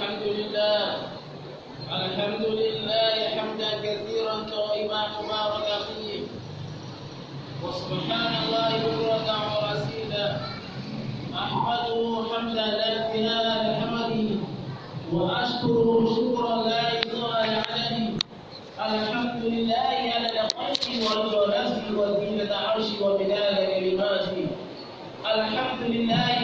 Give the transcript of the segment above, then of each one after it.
الحمد لله الحمد لله حمدا كثيرا طيبا مبارك فيه وسبحان الله بكرة ورسيلا أحمده حمدا لا انتهاء لحمده وأشكره شكرا لا إطاء لعدده الحمد لله على الخلق ورضا والدين وزينة عرشي وبلاد كلماته الحمد لله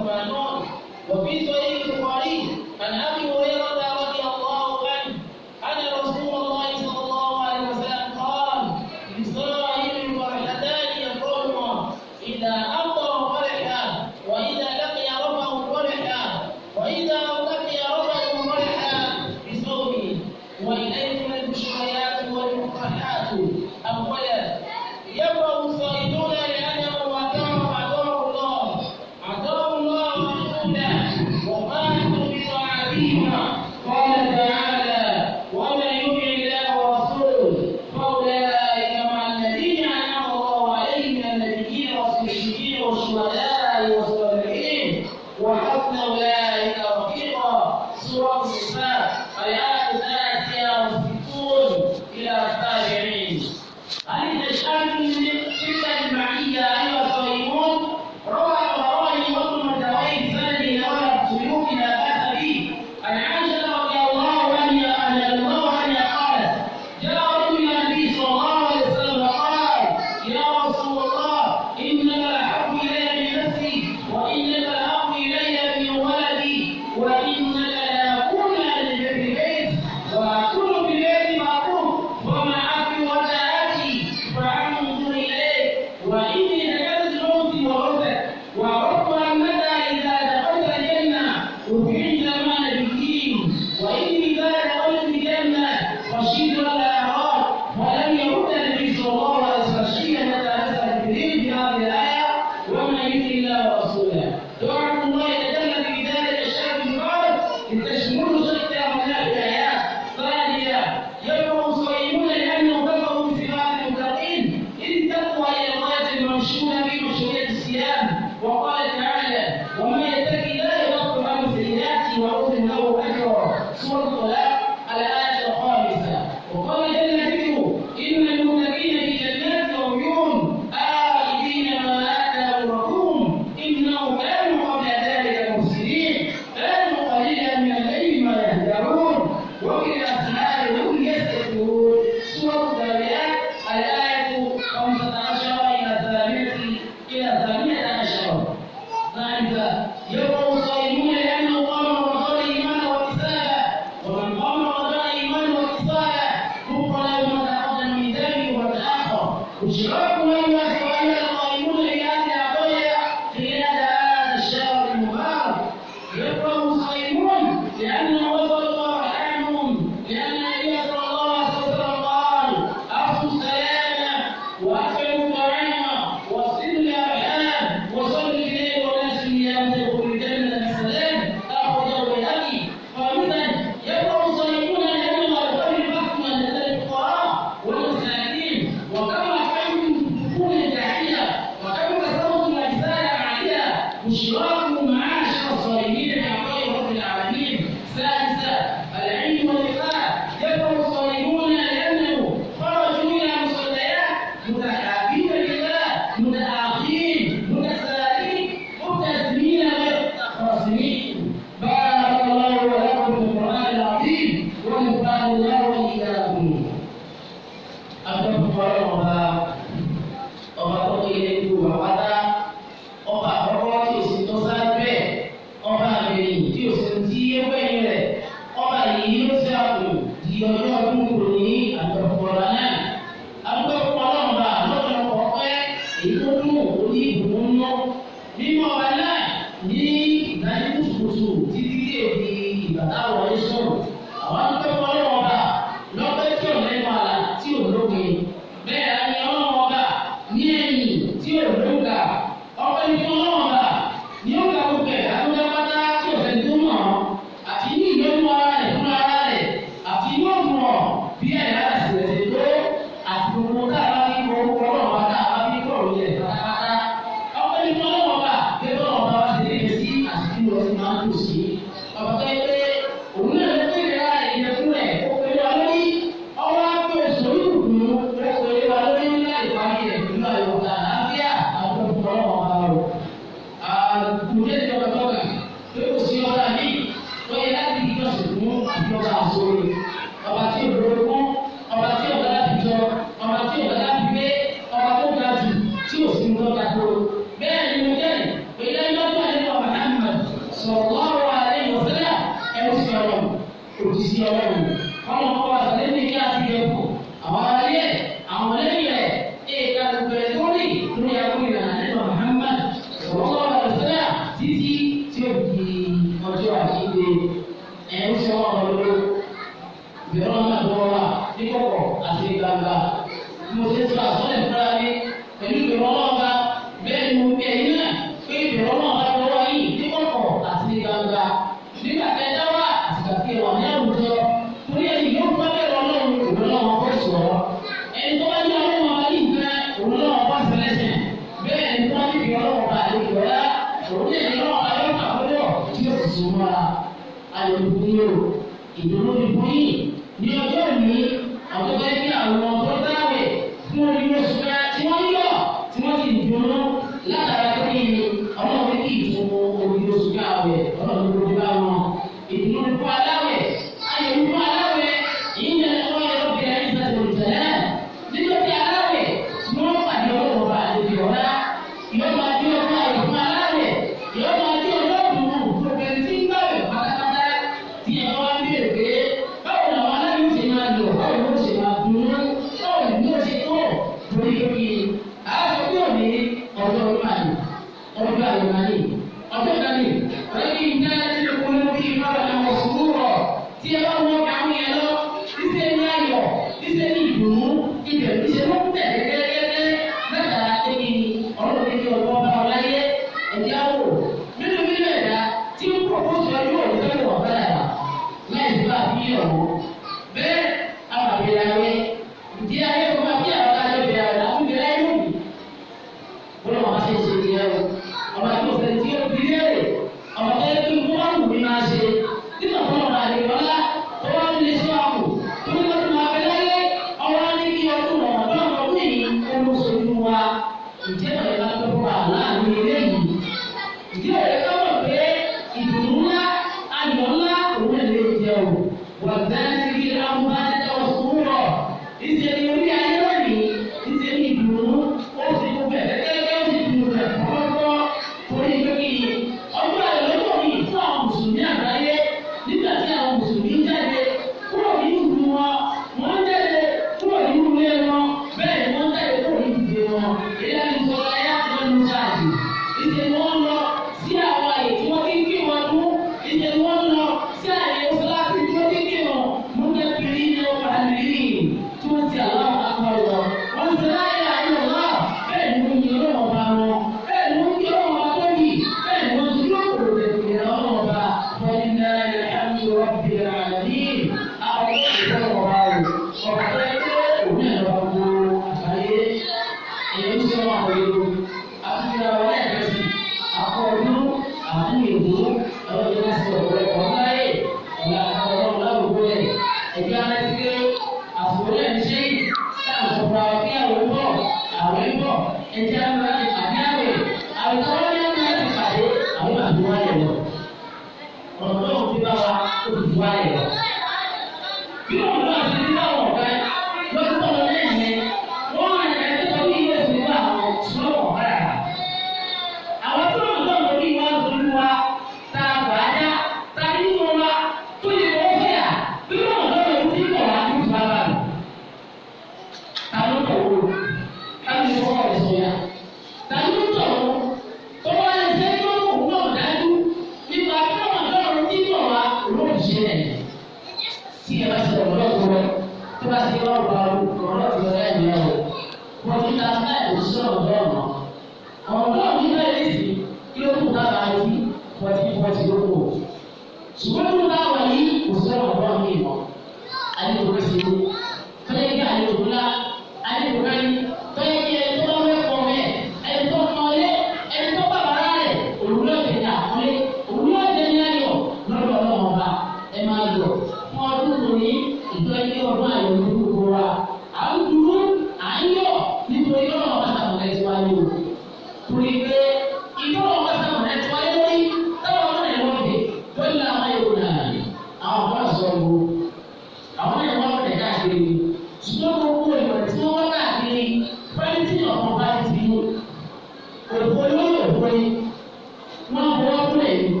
bẹ́ẹ̀ ni.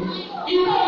Ìwé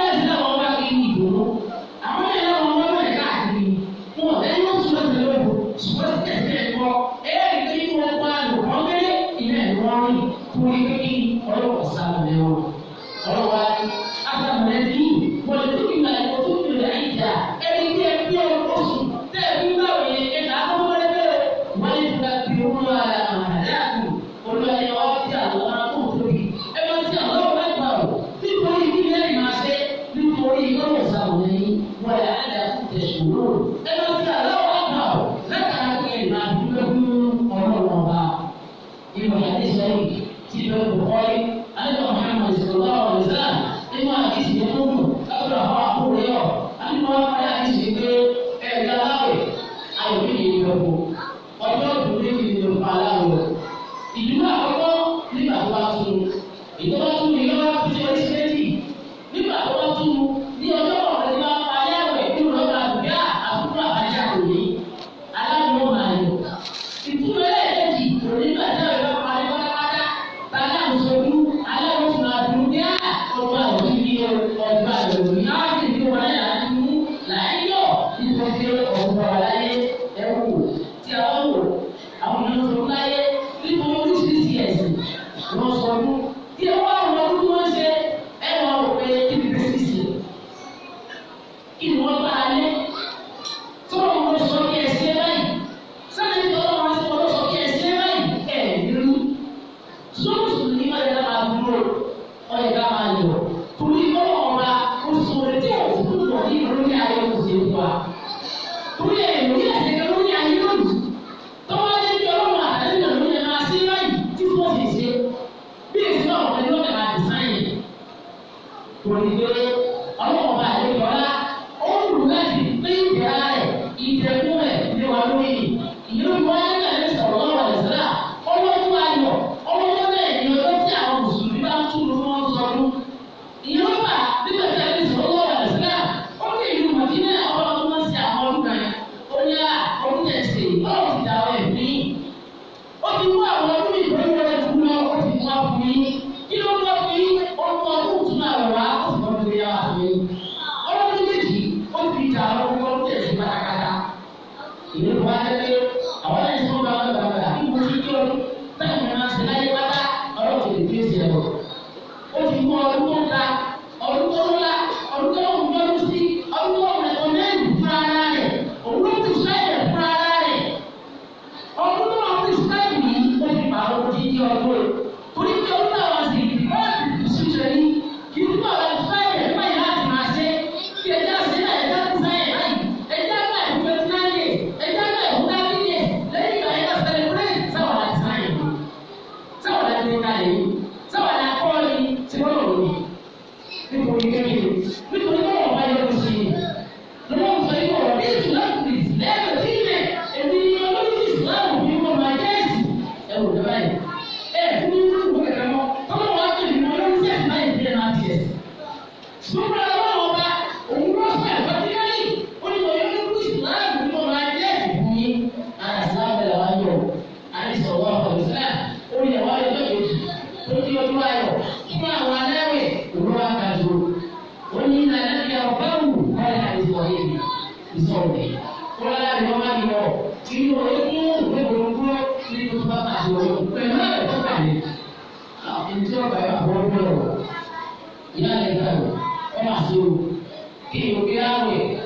Quindi dobbiamo,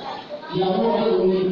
l'amore ogni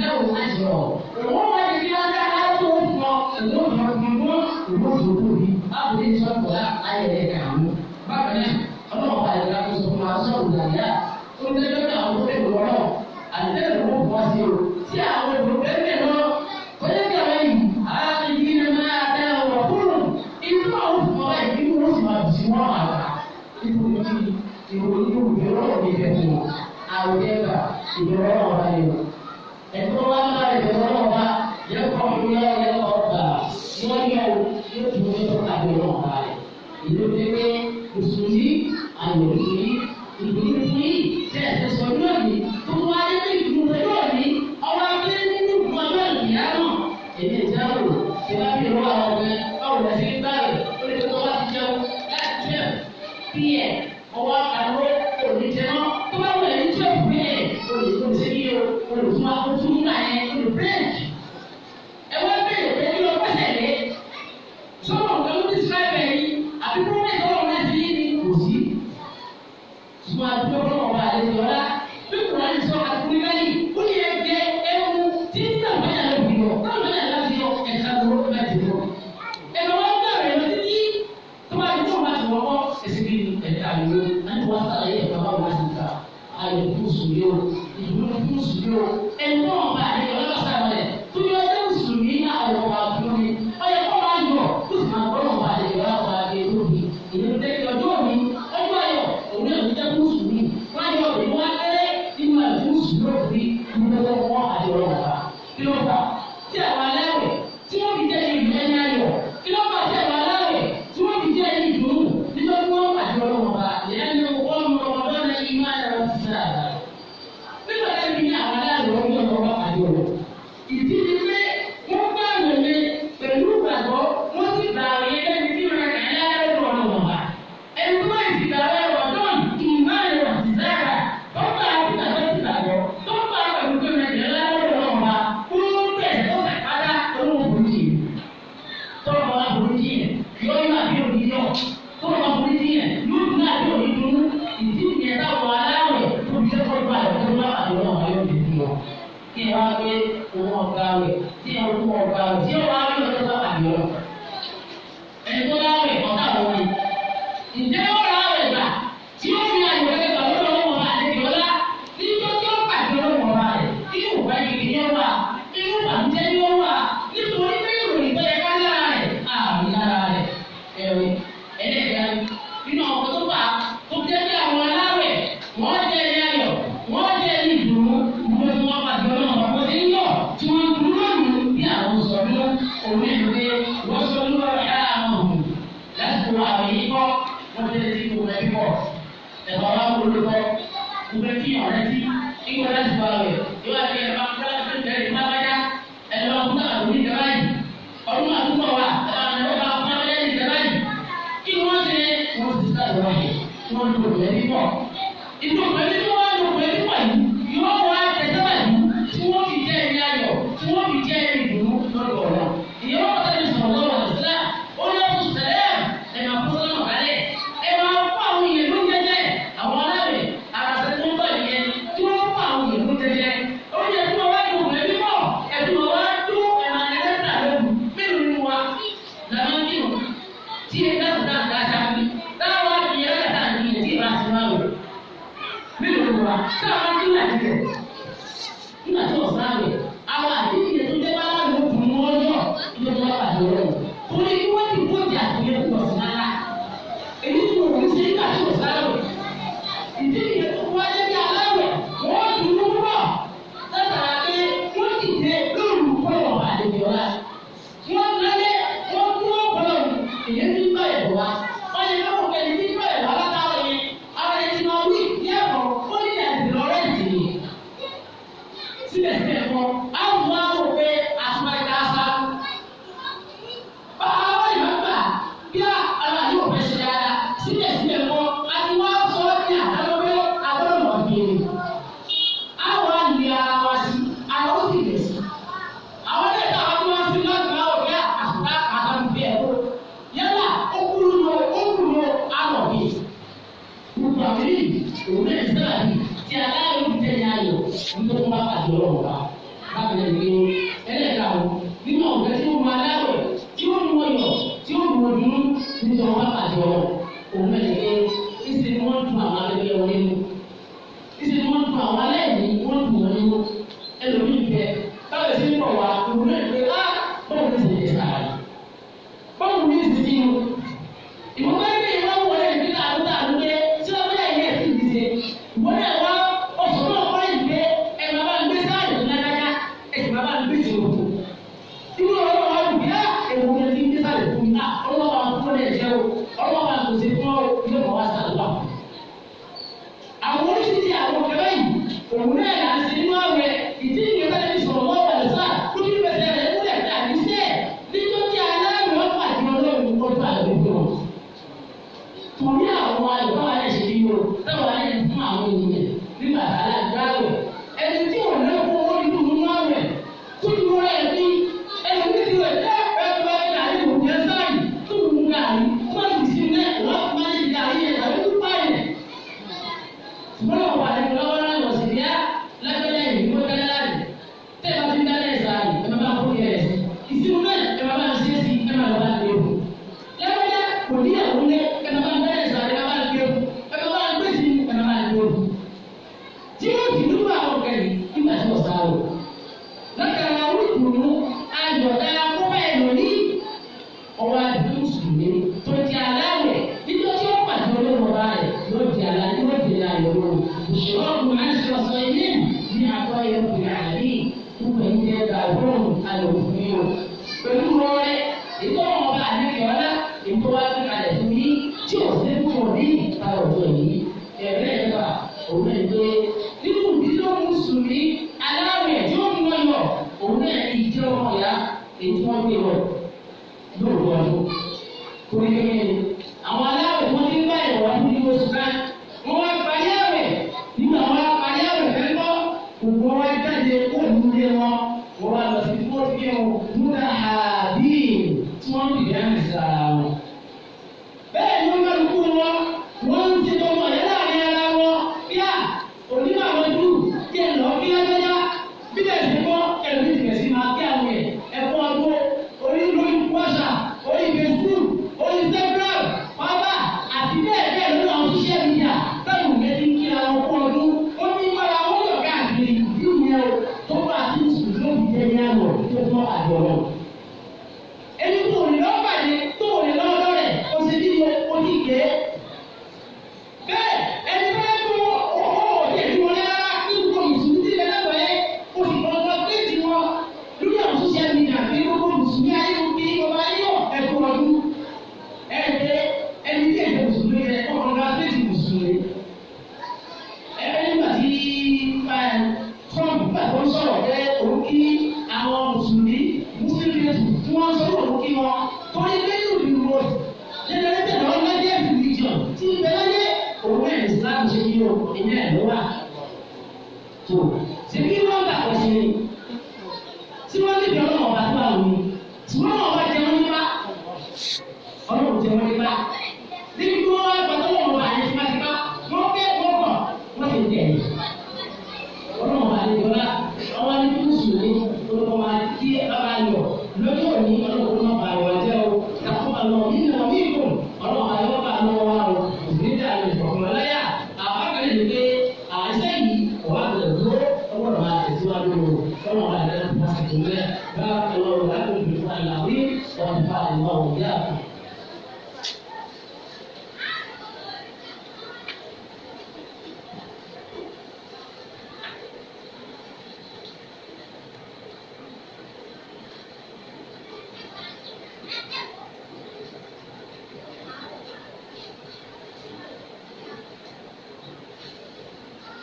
náwó àjọ òun wá ní bí ọjà àtò mọ òun mọ gbogbo òun gbogbo yìí àbúrò ìṣọ́kọ̀ ayẹyẹ kàánú bákan náà ọlọ́wọ́ àyẹ̀dá tó sọ fún wa sọ̀rọ̀ gàdá tó ń tẹ́lẹ̀ náà wọ́n lè wọ́ náà àdéhùn ló ń bọ́ sí o tí àwọn olùgbé ń bẹ̀ lọ kọjá kí àwọn yìí àbíyí ni máa dá ọ̀rọ̀ kúrò inú àwọn fún wa yìí inú wọn sì máa bì sí wọn àgbà inú yẹn ọlọ́wọ́ bá yẹ kọ́ ọ̀gbìn yẹ kọ́ ọ̀gbà wọ́n yẹ o yóò tún yẹ kọ́ àgbẹ̀ àyè àti wọ́n sàlàyé ẹ̀ka bá wọ́n ti ta àyè fún sùúrù ìdúró fún sùúrù ẹ̀ ń tọ́ ọ̀pá àyè ọlọ́sàrẹ̀ tó yọ I alguns a los míos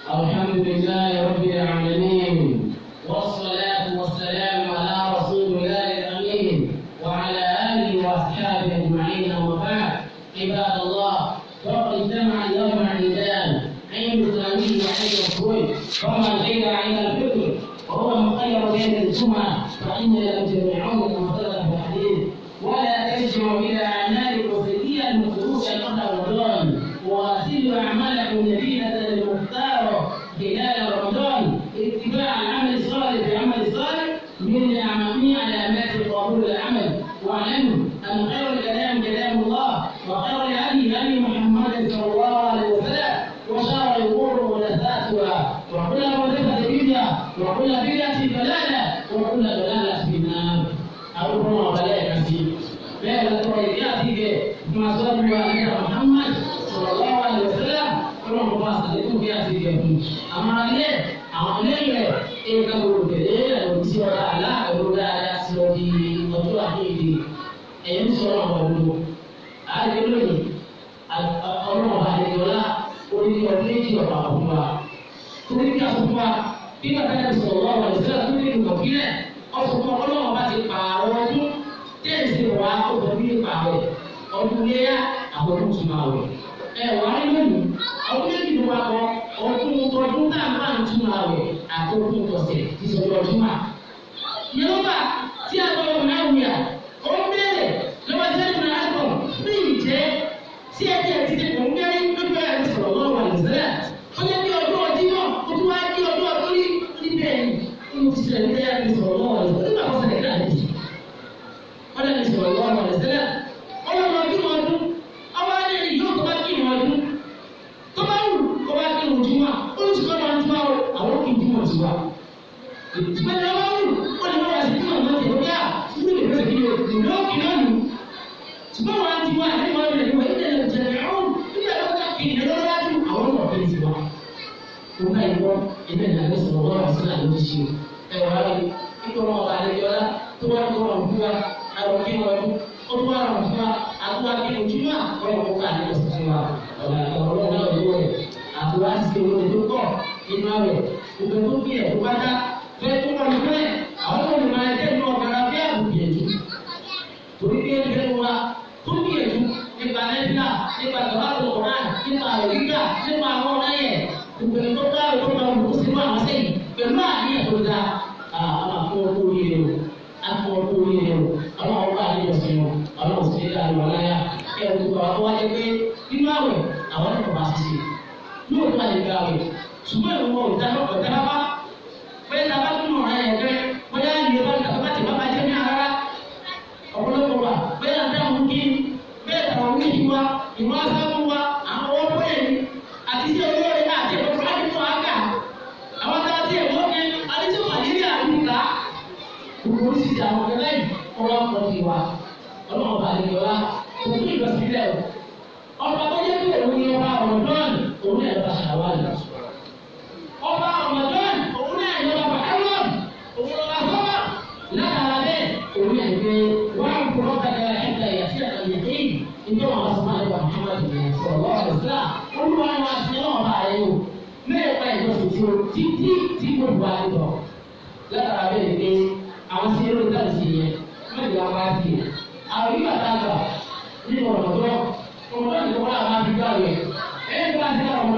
الحمد لله رب العالمين والصلاة والسلام على رسول الله الأمين وعلى آله وأصحابه أجمعين وبعد عباد الله فقد اجتمع اليوم عندان عند التلاميذ وعند الخروج فمن زيد عند الفطر وهو مخير بين الجمعة فإن لم تجمعون المختلف في الحديث ولا تجمع إلى sọ fún ọlọ́run bá ti pààrọ̀ ọdún tẹ́sí wà á kó bí pààrọ̀ ọdún léyà àwọn ọdún tún máa wẹ̀. ẹ wà á lónìí ọdún méjì ló wà kọ ọdún ọdún tá a máa ń tún máa wẹ̀ àtọ́kùn tọ̀sẹ̀ ìṣòro ọdún wa. yorùbá tí a kọ́ ọ̀nà ìwé ilé ìlànà ìṣòro wọn àti ìlànà ló ṣe ẹ wà láyé nípa ọmọ ọba àlejòọlá tó wà ní ọmọ òkú wa àwọn kí wọn dún ó tún wà rọrùn fún wa àti wà kí ojú náà ọmọ òkú àti ìṣòro fún wa ọ̀rọ̀ ọlọ́run náà ló wẹ̀ àti wà á sì wọlé tó kọ̀ nínú àwẹ̀ gbogbo tó bí ẹ̀ tó bá dá bẹ́ẹ̀ tó wọ̀ ní bẹ́ẹ̀ àwọn tó lè máa jẹ́ ìwọ̀n bàrà bí àbùkù torí tó nípa nẹ́tíà nípa tọ́lá tó kọ̀ náà pẹ̀lú àníyàn tó dáa àwọn afọwọ́kú yìí o afọwọ́kú yìí o àwọn ọba àdéjọsìn o àwọn òṣèré àlọ́ láyà ẹ̀ tó bá wọ́n wáyé pé nínú àwẹ̀ àwọn ọ̀nà bá ti ṣe yóò tó àyè gbà wẹ̀ ṣùgbọ́n ìwọ òdáná ọ̀dáná bá pé tábà tún ọ̀rẹ́ yẹn ti àwọn ọ̀gá láì ọ̀rọ̀ ọ̀pọ̀ ti wà ọlọ́run bá lè yọlá kò ní ìlọsílẹ̀ o ọba tó yẹ kí èrò yẹn wá ọ̀rọ̀dọ́n òun ẹ̀ bá ṣàwálì ọba ọ̀rọ̀dọ́n òun ẹ̀ yọba bàálọ̀ òun ọba sọ́wọ́ látara bẹ́ẹ̀ òun ẹ̀ gbé wọ́n á kúrọ́ kàdà ẹ̀ka ìyàsí àtàlẹ́dẹ́ ìjọ àwọn sọ́mọ́ àdébà Muhammadu sọ̀rọ̀ ọ̀rọ̀ olúwa ni wọ́n á sin ọba rẹ̀ o mẹ́ẹ̀ẹ́dẹ́gbẹ̀ẹ́ ìjọsìn tí o títí tí gbogbo àdébọ̀ látara bẹ́ẹ̀ gbé àwọn sí eré ìta ìsìn yẹn mẹ́rin apá sí i. àwọn yìí bàtà gbà nínú ọ̀rọ̀ tó ọ̀rọ̀ tó ti kọ́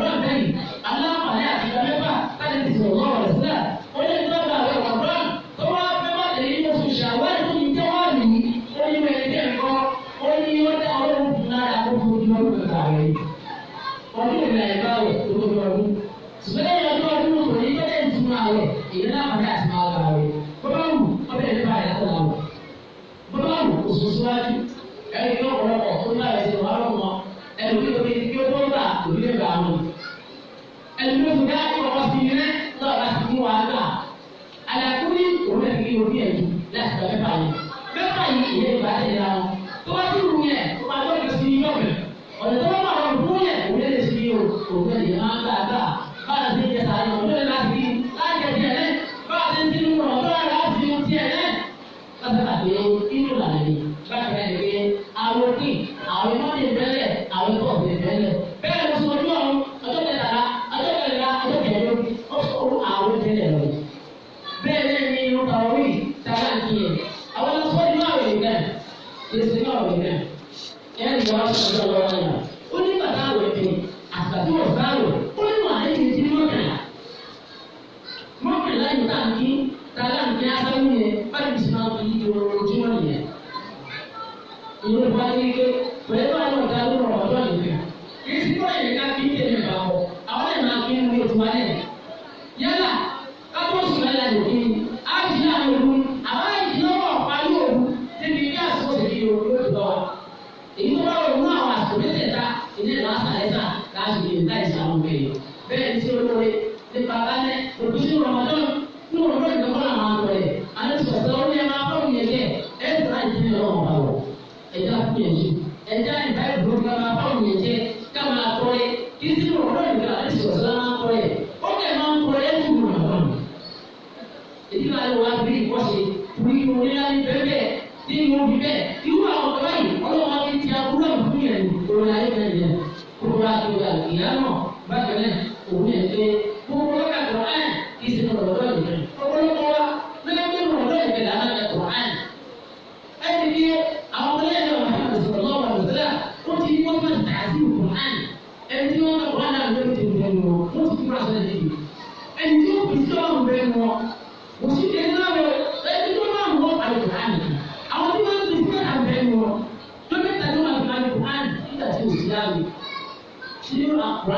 ìlú ìfọwọ́sí pé pẹ̀lú àwọn ọ̀gá ló rọ̀ ọ̀dọ́ ìgbẹ́. kì í sí báyìí ká kí n tẹ̀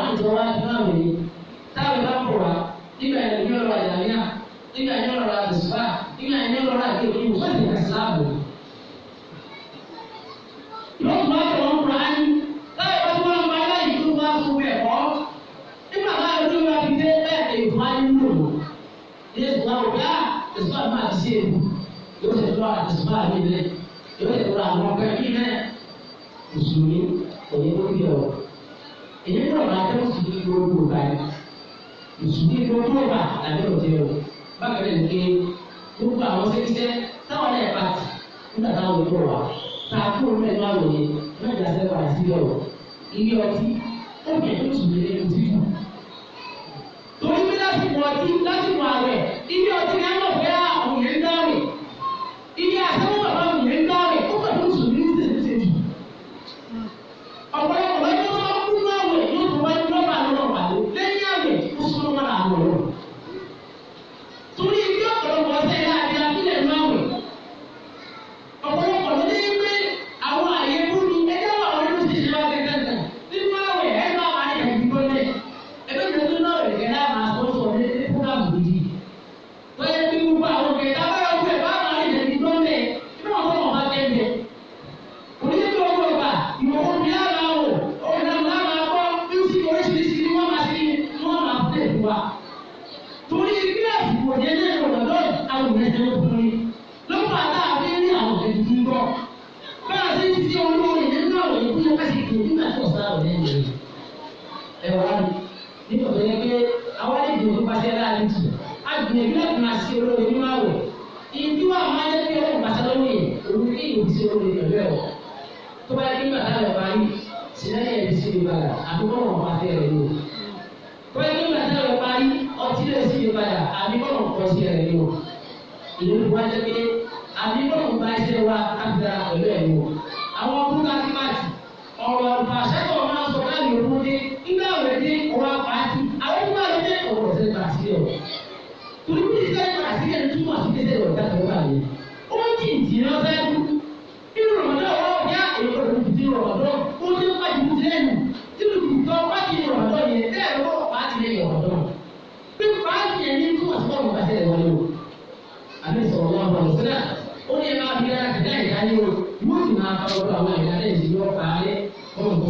àwọn tó wá láwùjọ yìí táwọn bá pọ̀ wá nígbà yẹn ní ọ̀rọ̀ àyàmíà nígbà yẹn ọ̀rọ̀ àdùsùbà nígbà yẹn ọ̀rọ̀ àkéwì wọ́n ti kà síláàbù. yóò bá tọ̀ ń ra ní láyé wọ́n ti wọ́n gba aláyìí tó wá fún mi ẹ̀kọ́ nígbà bá ojú wa fi dé wọ́n. ti ṣe èlò yóò yóò ti tọ́ àwọn ọkọ ẹ̀mí náà mùsùlùmí òye ló ọ̀rọ̀ èyí náà máa tẹ́ mùsùlùmí gbogbo ọba yìí gbogbo ọba làbẹ́ òjẹ́ o bákan náà nìké gbogbo àwọn ṣẹ́ṣẹ́ táwọn náà bá ti nígbà táwọn òjò wà tá a kúrò nílẹ̀ náà wòye náà dá sẹ́wà sílẹ̀ o ilé ọtí ó bẹ̀rẹ̀ tó mùsùlùmí lé ní ti kù. torí pé láti mú ọtí láti mú àwẹ̀ ilé ọtí náà náà fẹ́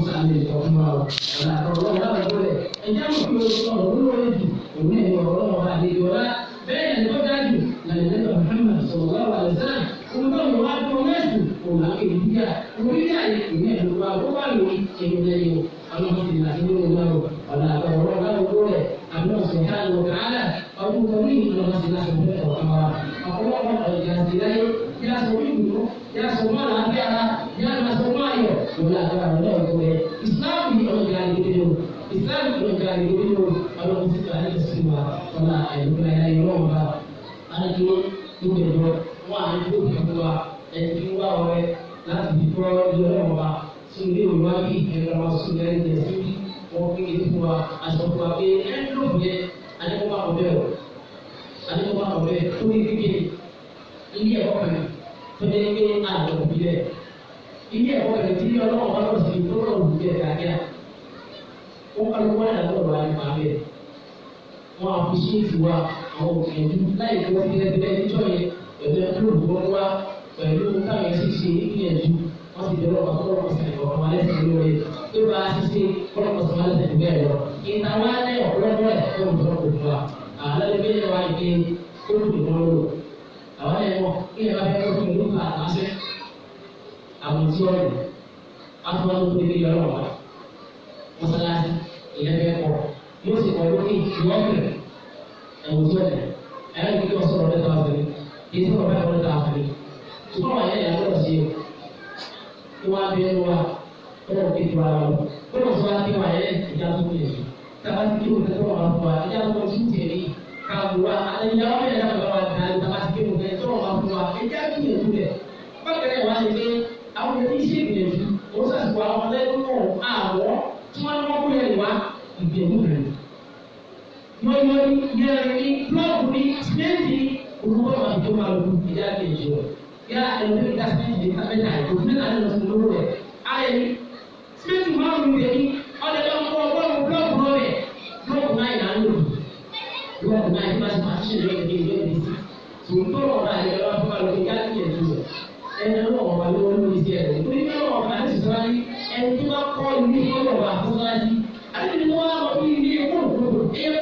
musa ní ìtọ́ fún wa ọ̀la ọ̀rọ̀ ọ̀la ọ̀gbọ́lẹ̀ ẹ̀jẹ̀ mú kí o ọ̀rọ̀ olóore jù òun ní ọ̀rọ̀ ọ̀la àlejò ọ̀la bẹ́ẹ̀ ni tó dájú làlẹ́lẹ́ Muhammad sọ̀rọ̀ wà lẹ́sẹ̀ òun tó ń wá àwọn ṣéèkì wa àwọn òṣèlú láì fi wọ́n tilẹ̀ bẹ́ẹ̀ níjọ́ yẹn pẹ̀lú ẹgbẹ́ òbúrọ̀ wa pẹ̀lú táwọn ẹ̀sìn ṣe níyànjú wọ́n ti bẹ̀rẹ̀ ọ̀pá tọ́lọ̀ ọ̀sẹ̀ ọ̀pá lẹ́sẹ̀ lórí tó bá a ti ṣe kọ́lọ̀ ọ̀sẹ̀ wa lẹ́sẹ̀ bẹ́ẹ̀ lọ. ìtawá ọ̀pọ̀lọpọ̀ ẹ̀ tó sì kọ́ lókè ìwọ́pẹ̀rẹ̀ ẹ̀wùjọ rẹ̀ ẹ̀rọ ìgbẹ́ wọn sọ̀rọ̀ lẹ́tà àfẹ́rẹ́ kìí sọ̀rọ̀ báyìí wọn lẹ́tà àfẹ́rẹ́ ṣùgbọ́n wọn yẹn yà lọ́rọ̀ sí o wọn á bí ẹnu wa ọ̀rọ̀ kí tu ara wọn bọ́lá sọ wá kí wọn yẹn ìjà tó kú yẹn tàbá ti kí wọn kẹ́kọ̀ọ́ wọn fún wa ìjà tó kọ́ sí tẹ̀lé kàwùwà àlejò àwọn yẹn náà bá wà tàbá ti kí wọn kẹ́kọ̀ọ́ wọn fún wa ìjà kí yẹn tó lẹ̀ bákẹ́rẹ́ wà ní pé àwọn yẹn ti ṣe ìgbìyànjú ó sàṣùwà ọmọdé nínú àwọ̀ tí wọ́n ní wọ́n kú yẹn wá ìgbìyànjú rẹ̀ mọ́mọ́rí yẹ́rìí blọ́ọ̀kì sílẹ̀tì olùkọ́ máa tó máa lò ìdá kejì rẹ̀ yá ẹ̀rọ ìdá sílẹ̀tì abẹ́tà ètò fún ẹ̀ka lọ sí lórí rẹ̀ ayẹyẹ sílẹ̀tì máa ń lè ní ọ̀dẹ̀ bá ń kọ́ ọgọ́rùn blọ́ọ̀kì rẹ̀ blọ́ọ̀kì náà yà ń lò blọ́ọ̀kì náà yà ń máa ṣe lọ́ọ̀kì kejì lọ́ọ̀kì kejì tòótọ́ ọ̀rọ̀ àyẹ̀wò àti máa lọ ìdá kejì rẹ̀ ẹni ọlọ́wọ́ wa ló ló ìdí ẹ̀rọ torí ọlọ́wọ́ wa ti sọ ayé ẹni tó bá kọ́ ilé ọlọ́wọ́ àfọ́sáyé àti ìdíwọ́ àwọn ilé ìwọ̀n òdòdó ẹ̀yẹ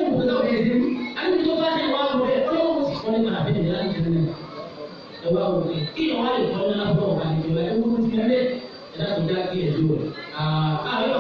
ẹwà wò ni kí ni wọn lè tọ́ ní lápò ọ̀gá ìjọba ẹ̀kọ́ ti ẹ̀dẹ́ ẹ̀dá tó dá kí ẹ̀dúró ààyò